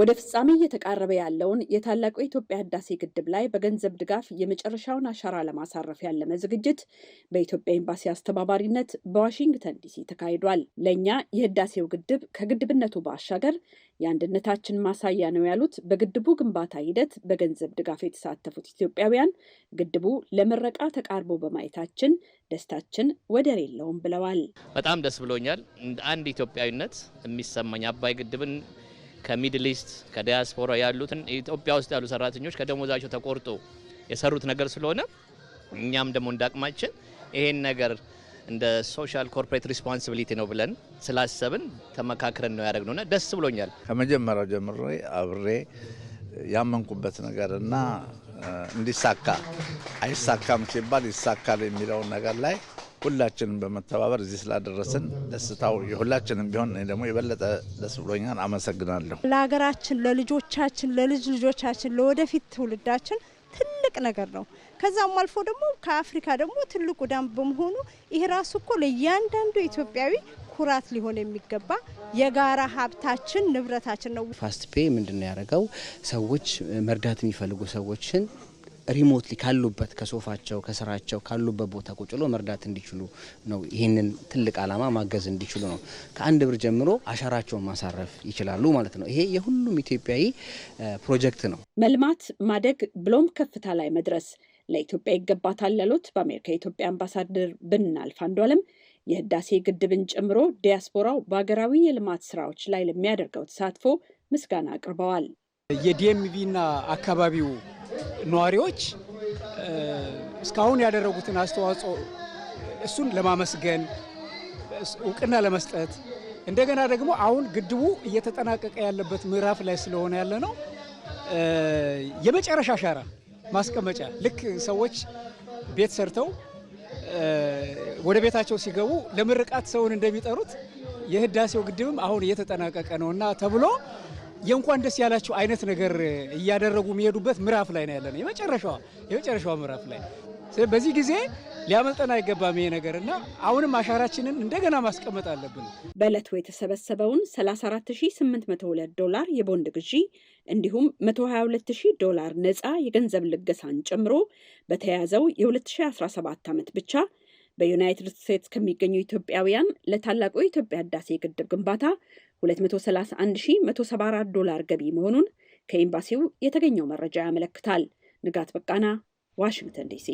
ወደ ፍጻሜ እየተቃረበ ያለውን የታላቁ የኢትዮጵያ ህዳሴ ግድብ ላይ በገንዘብ ድጋፍ የመጨረሻውን አሻራ ለማሳረፍ ያለመ ዝግጅት በኢትዮጵያ ኤምባሲ አስተባባሪነት በዋሽንግተን ዲሲ ተካሂዷል። ለእኛ የህዳሴው ግድብ ከግድብነቱ ባሻገር የአንድነታችን ማሳያ ነው ያሉት በግድቡ ግንባታ ሂደት በገንዘብ ድጋፍ የተሳተፉት ኢትዮጵያውያን ግድቡ ለምረቃ ተቃርቦ በማየታችን ደስታችን ወደር የለውም ብለዋል። በጣም ደስ ብሎኛል። እንደ አንድ ኢትዮጵያዊነት የሚሰማኝ አባይ ግድብን ከሚድል ኢስት ከዲያስፖራ ያሉትን ኢትዮጵያ ውስጥ ያሉ ሰራተኞች ከደሞዛቸው ተቆርጦ የሰሩት ነገር ስለሆነ እኛም ደግሞ እንዳቅማችን ይሄን ነገር እንደ ሶሻል ኮርፖሬት ሪስፖንሲቢሊቲ ነው ብለን ስላሰብን ተመካክረን ነው ያደረግነውና ደስ ብሎኛል። ከመጀመሪያው ጀምሬ አብሬ ያመንኩበት ነገር እና እንዲሳካ አይሳካም ሲባል ይሳካል የሚለውን ነገር ላይ ሁላችንም በመተባበር እዚህ ስላደረስን ደስታው የሁላችንም ቢሆን ደግሞ የበለጠ ደስ ብሎኛል። አመሰግናለሁ። ለሀገራችን፣ ለልጆቻችን፣ ለልጅ ልጆቻችን፣ ለወደፊት ትውልዳችን ትልቅ ነገር ነው። ከዛም አልፎ ደግሞ ከአፍሪካ ደግሞ ትልቁ ዳም በመሆኑ ይህ ራሱ እኮ ለእያንዳንዱ ኢትዮጵያዊ ኩራት ሊሆን የሚገባ የጋራ ሀብታችን ንብረታችን ነው። ፋስት ፔ ምንድን ነው ያደረገው? ሰዎች መርዳት የሚፈልጉ ሰዎችን ሪሞትሊ ካሉበት ከሶፋቸው ከስራቸው ካሉበት ቦታ ቁጭ ብሎ መርዳት እንዲችሉ ነው። ይህንን ትልቅ ዓላማ ማገዝ እንዲችሉ ነው። ከአንድ ብር ጀምሮ አሻራቸውን ማሳረፍ ይችላሉ ማለት ነው። ይሄ የሁሉም ኢትዮጵያዊ ፕሮጀክት ነው። መልማት፣ ማደግ ብሎም ከፍታ ላይ መድረስ ለኢትዮጵያ ይገባታል ያሉት በአሜሪካ የኢትዮጵያ አምባሳደር ብናልፍ አንዷለም የህዳሴ ግድብን ጨምሮ ዲያስፖራው በሀገራዊ የልማት ስራዎች ላይ ለሚያደርገው ተሳትፎ ምስጋና አቅርበዋል። የዲኤምቪና አካባቢው ነዋሪዎች እስካሁን ያደረጉትን አስተዋጽኦ እሱን ለማመስገን እውቅና ለመስጠት እንደገና ደግሞ አሁን ግድቡ እየተጠናቀቀ ያለበት ምዕራፍ ላይ ስለሆነ ያለ ነው የመጨረሻ አሻራ ማስቀመጫ ልክ ሰዎች ቤት ሰርተው ወደ ቤታቸው ሲገቡ ለምርቃት ሰውን እንደሚጠሩት የህዳሴው ግድብም አሁን እየተጠናቀቀ ነው እና ተብሎ የእንኳን ደስ ያላችሁ አይነት ነገር እያደረጉ የሚሄዱበት ምዕራፍ ላይ ነው ያለነው፣ የመጨረሻዋ የመጨረሻዋ ምዕራፍ ላይ። በዚህ ጊዜ ሊያመልጠን አይገባም ይሄ ነገር እና አሁንም አሻራችንን እንደገና ማስቀመጥ አለብን። በዕለቱ የተሰበሰበውን 34802 ዶላር የቦንድ ግዢ እንዲሁም 122000 ዶላር ነፃ የገንዘብ ልገሳን ጨምሮ በተያያዘው የ2017 ዓመት ብቻ በዩናይትድ ስቴትስ ከሚገኙ ኢትዮጵያውያን ለታላቁ የኢትዮጵያ ህዳሴ ግድብ ግንባታ 231174 ዶላር ገቢ መሆኑን ከኤምባሲው የተገኘው መረጃ ያመለክታል። ንጋት በቃና ዋሽንግተን ዲሲ